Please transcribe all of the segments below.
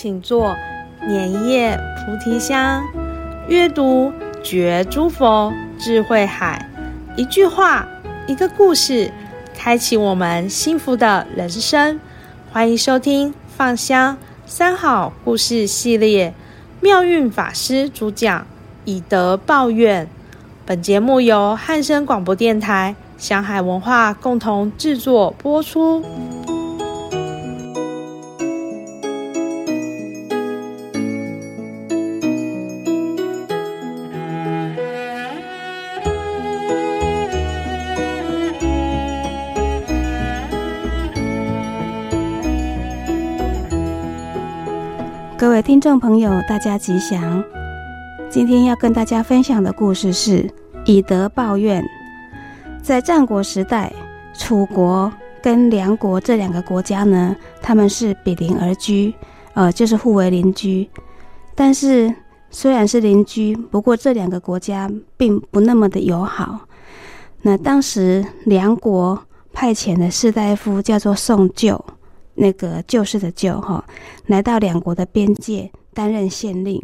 請坐，蓮葉菩提香，閱讀覺諸佛智慧海，一句話一個故事，開啟我們幸福的人生。歡迎收聽《放香三好故事》系列，妙韻法師主講《以德報怨》。本節目由漢聲廣播電台、香海文化共同製作播出。聽眾朋友，大家吉祥。今天要跟大家分享的故事是“以德報怨”。在戰國時代，楚國跟梁國這兩個國家呢，他們是比鄰而居，呃，就是互為鄰居。但是，雖然是鄰居，不過這兩個國家並不那麼的友好。那當時，梁國派遣的士大夫叫做宋就。那個就是的就哈，來到兩國的邊界擔任縣令，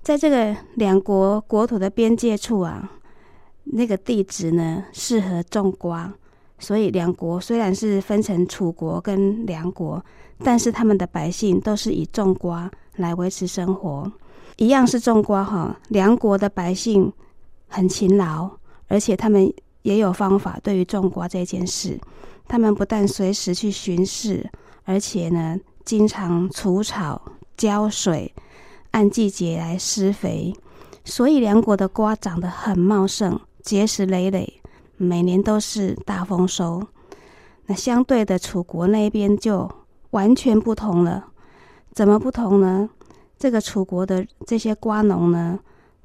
在這個兩國國土的邊界處啊，那個地址呢適合種瓜，所以兩國雖然是分成楚國跟梁國，但是他們的百姓都是以種瓜來維持生活。一樣是種瓜哈，梁國的百姓很勤勞，而且他們也有方法對於種瓜這件事。他們不但隨時去巡視，而且呢，經常除草、澆水，按季節來施肥，所以梁國的瓜長得很茂盛，結實累累，每年都是大豐收。那相對的，楚國那邊就完全不同了。怎麼不同呢？這個楚國的這些瓜農呢，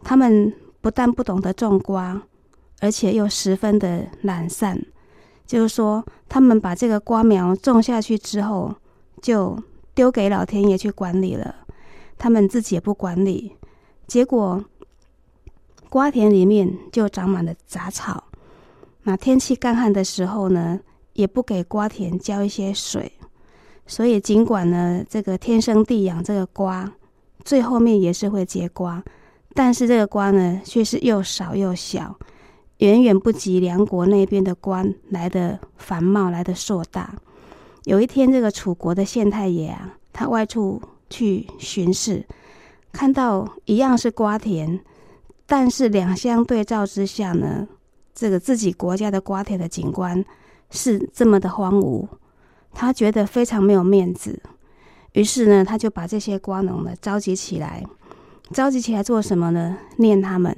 他們不但不懂得種瓜，而且又十分的懶散。就是說，他們把這個瓜苗種下去之後，就丟給老天爺去管理了，他們自己也不管理。結果，瓜田裡面就長滿了雜草。那天氣乾旱的時候呢，也不給瓜田澆一些水。所以，儘管呢，這個天生地養這個瓜，最後面也是會結瓜，但是這個瓜呢，卻是又少又小。遠遠不及梁國那邊的瓜來的繁茂，來的碩大。有一天，這個楚國的縣太爺啊，他外出去巡視，看到一樣是瓜田，但是兩相對照之下呢，這個自己國家的瓜田的景觀是這麼的荒蕪，他覺得非常沒有面子。於是呢，他就把這些瓜農呢召集起來，召集起來做什麼呢？念他們。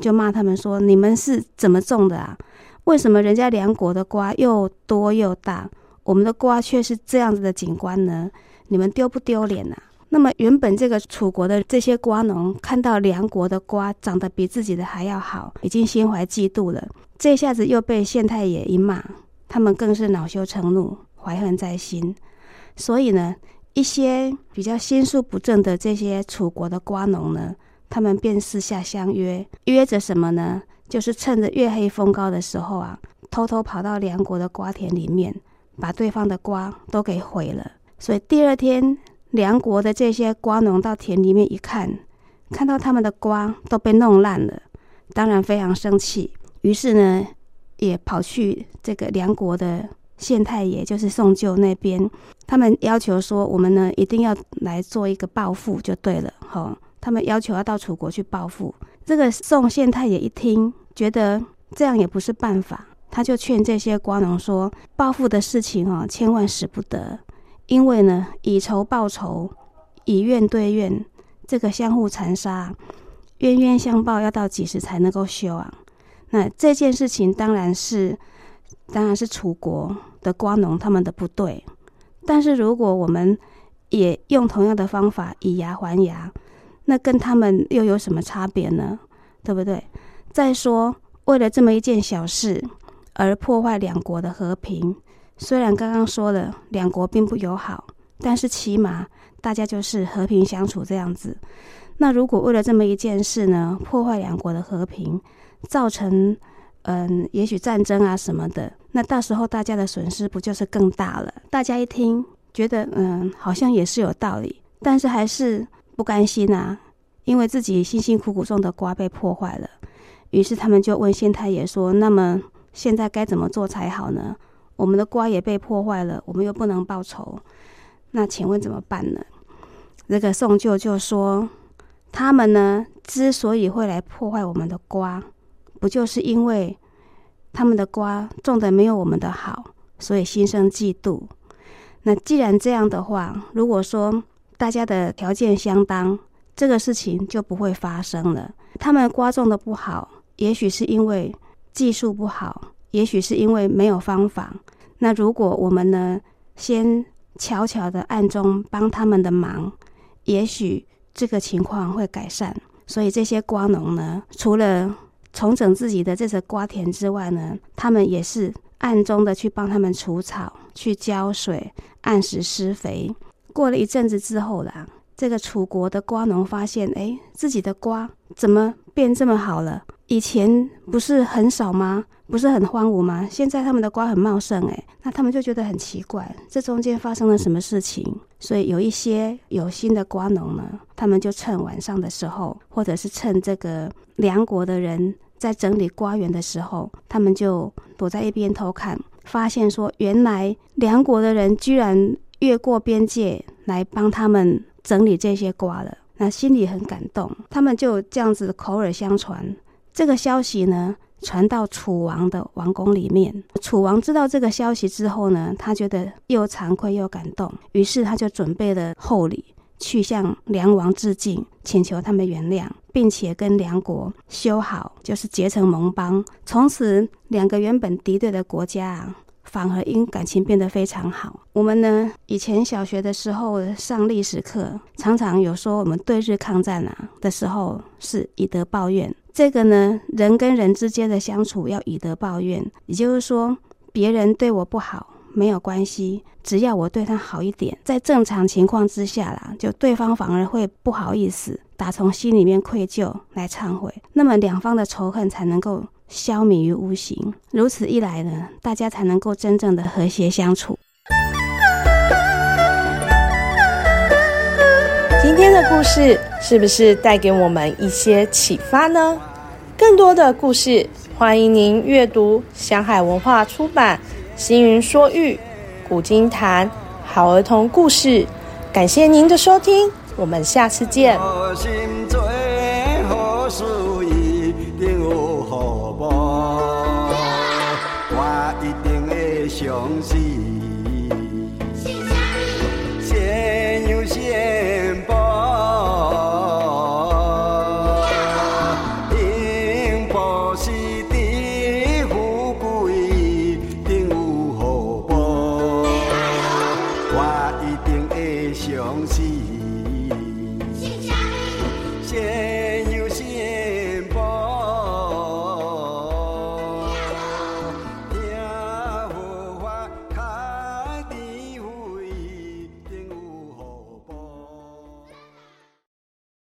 就罵他們說：“你們是怎麼種的啊？為什麼人家梁國的瓜又多又大，我們的瓜卻是這樣子的景觀呢？你們丟不丟臉啊？”那麼原本這個楚國的這些瓜農看到梁國的瓜長得比自己的還要好，已經心懷嫉妒了，這下子又被縣太爺一罵，他們更是惱羞成怒，懷恨在心。所以呢，一些比較心術不正的這些楚國的瓜農呢。他們便私下相約，約着什麼呢？就是趁着月黑風高的時候啊，偷偷跑到梁國的瓜田裡面，把對方的瓜都給毀了。所以第二天，梁國的這些瓜農到田裡面一看，看到他們的瓜都被弄爛了，當然非常生氣。於是呢，也跑去這個梁國的縣太爺，就是宋就那邊，他們要求說，我們呢一定要來做一個報復，就對了，他們要求要到楚國去報復。這個宋縣太爺一聽，覺得這樣也不是辦法，他就勸這些瓜農說：“報復的事情啊，千萬使不得，因為呢，以仇報仇，以怨對怨，這個相互殘殺，冤冤相報，要到幾時才能夠休啊？”那這件事情當然是，當然是楚國的瓜農他們的不對，但是如果我們也用同樣的方法以牙還牙。那跟他們又有什麼差別呢？對不對？再說，為了這麼一件小事而破壞兩國的和平，雖然剛剛說了兩國並不友好，但是起碼大家就是和平相處這樣子。那如果為了這麼一件事呢，破壞兩國的和平，造成嗯、呃，也許戰爭啊什麼的，那到時候大家的損失不就是更大了？大家一聽覺得嗯、呃，好像也是有道理，但是還是，不甘心啊！因為自己辛辛苦苦種的瓜被破壞了，於是他們就問縣太爺說：“那麼現在該怎麼做才好呢？我們的瓜也被破壞了，我們又不能報仇，那請問怎麼辦呢？”那、這個宋舅就說：“他們呢，之所以會來破壞我們的瓜，不就是因為他們的瓜種的沒有我們的好，所以心生嫉妒？那既然這樣的話，如果說……”大家的條件相當，這個事情就不會發生了。他們瓜種的不好，也許是因為技術不好，也許是因為沒有方法。那如果我們呢，先悄悄的暗中幫他們的忙，也許這個情況會改善。所以這些瓜農呢，除了重整自己的這些瓜田之外呢，他們也是暗中的去幫他們除草、去澆水、按時施肥。過了一陣子之後啦，這個楚國的瓜農發現，哎，自己的瓜怎麼變這麼好了？以前不是很少嗎？不是很荒蕪嗎？現在他們的瓜很茂盛。哎，那他們就覺得很奇怪，這中間發生了什麼事情？所以有一些有心的瓜農呢，他們就趁晚上的時候，或者是趁這個梁國的人在整理瓜園的時候，他們就躲在一邊偷看，發現說，原來梁國的人居然。越過邊界來幫他們整理這些瓜了，那心裡很感動。他們就這樣子口耳相傳，這個消息呢，傳到楚王的王宮裡面。楚王知道這個消息之後呢，他覺得又慚愧又感動，於是他就準備了厚禮，去向梁王致敬，請求他們原諒，並且跟梁國修好，就是結成盟邦。從此，兩個原本敵對的國家啊。反而因感情變得非常好。我們呢，以前小學的時候上歷史課，常常有說我們對日抗戰啊的時候是以德報怨。這個呢，人跟人之間的相處要以德報怨，也就是說，別人對我不好沒有關係，只要我對他好一點，在正常情況之下啦，就對方反而會不好意思，打從心裡面愧疚來懺悔，那麼兩方的仇恨才能夠，消弭於無形，如此一來呢，大家才能夠真正的和諧相處。今天的故事是不是帶給我們一些啟發呢？更多的故事，歡迎您閱讀香海文化出版《星雲說喻》《古今譚》《好兒童故事》。感謝您的收聽，我們下次見。